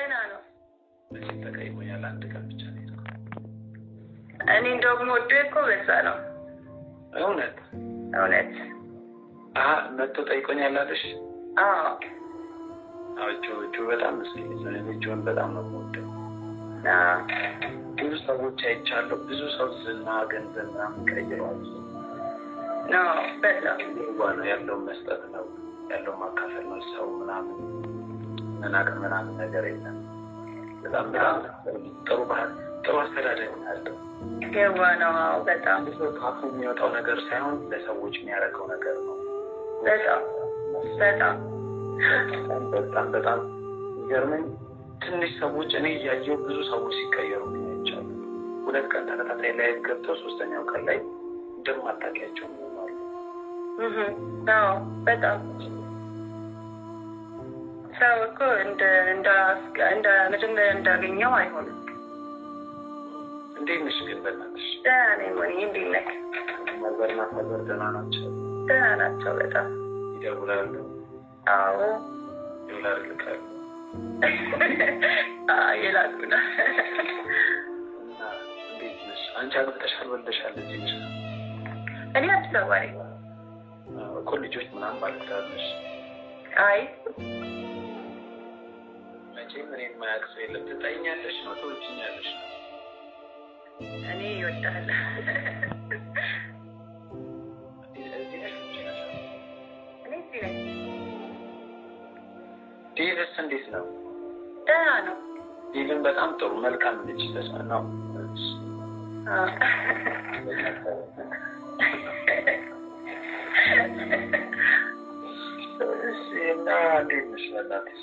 ደህና ነው። በዚህ ተቀይሞኛል። አንድ ቀን ብቻ ነው የሄድኩት። ደግሞ ወዶ እኮ በዛ ነው እውነት እውነት መጥቶ ጠይቆኛል አለሽ? እጩዎቹ በጣም ልጅን በጣም ነው የምወደው። ብዙ ሰዎች አይቻለሁ። ብዙ ሰው ዝና፣ ገንዘብ ምናምን ቀይረዋል። ነው ያለውን መስጠት ነው ያለውን ማካፈል ነው ሰው ምናምን መናቅ ምናምን ነገር የለም። በጣም ጥሩ ባህል፣ ጥሩ አስተዳደር ያለው ገባ ነው። በጣም ብዙ ካፉ የሚወጣው ነገር ሳይሆን ለሰዎች የሚያደርገው ነገር ነው። በጣም በጣም በጣም በጣም ይገርመኝ። ትንሽ ሰዎች እኔ እያየው ብዙ ሰዎች ሲቀየሩ ይቻሉ። ሁለት ቀን ተከታታይ ላይ ገብተው ሶስተኛው ቀን ላይ እንደማታውቂያቸው ነው። በጣም ሰው እኮ እንደ መጀመሪያ እንዳገኘው አይሆንም። እንዴት ነሽ ግን በእናትሽ? ደህና ነኝ። ሞኒ እንዴት ነህ? መልበርና ደህና ናቸው? ደህና ናቸው። በጣም ይደውላሉ? አዎ ይውላል። ልካሉ ይላሉና እንዴት ነሽ? አንቺ አግብተሻል ወልደሻል? እዚህ ነሽ? እኔ አዲስ አበባ ነኝ እኮ ልጆች ምናምን ባልክታለሽ? አይ መቼም እኔን የማያውቅ ሰው የለም። ትጠይኛለሽ ነው ትወጂኛለሽ ነው እኔ ይወዳል ዴቭስ እንዴት ነው? ደህና ነው። ዴቭን በጣም ጥሩ መልካም ልጅ ተስማናው እና እንዴት ነሽ?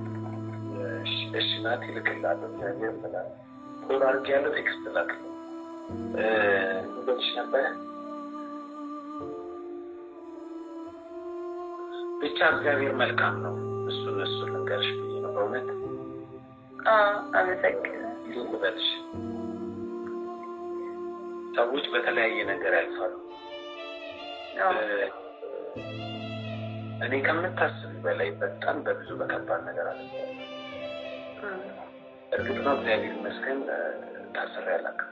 እሺ ናት ይልክላሉ እግዚአብሔር ብላል ቶሎ አድርጌ ያለው ቴክስት ላክ ብለሽ ብቻ እግዚአብሔር መልካም ነው። እሱን እሱ ልንገርሽ ብ ነው በእውነት አመሰግንበትሽ። ሰዎች በተለያየ ነገር ያልፋሉ። እኔ ከምታስብ በላይ በጣም በብዙ በከባድ ነገር አለ እርግጥ ነው እግዚአብሔር ይመስገን ታስሬ አላውቅም።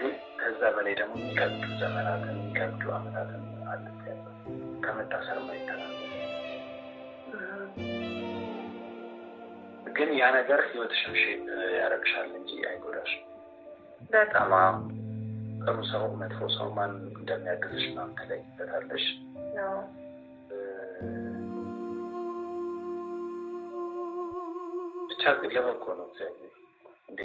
ግን ከዛ በላይ ደግሞ የሚከብዱ ዘመናትን የሚከብዱ አመታትን አለት ያለ ከመታሰር ማይተናል ግን ያ ነገር ህይወትሽን ሼፕ ያደርግሻል እንጂ አይጎዳሽ። በጣም ጥሩ ሰው መጥፎ ሰው ማን እንደሚያግዝሽ ማምተላይ ይበታለሽ छात्र लेवल कोनो चाही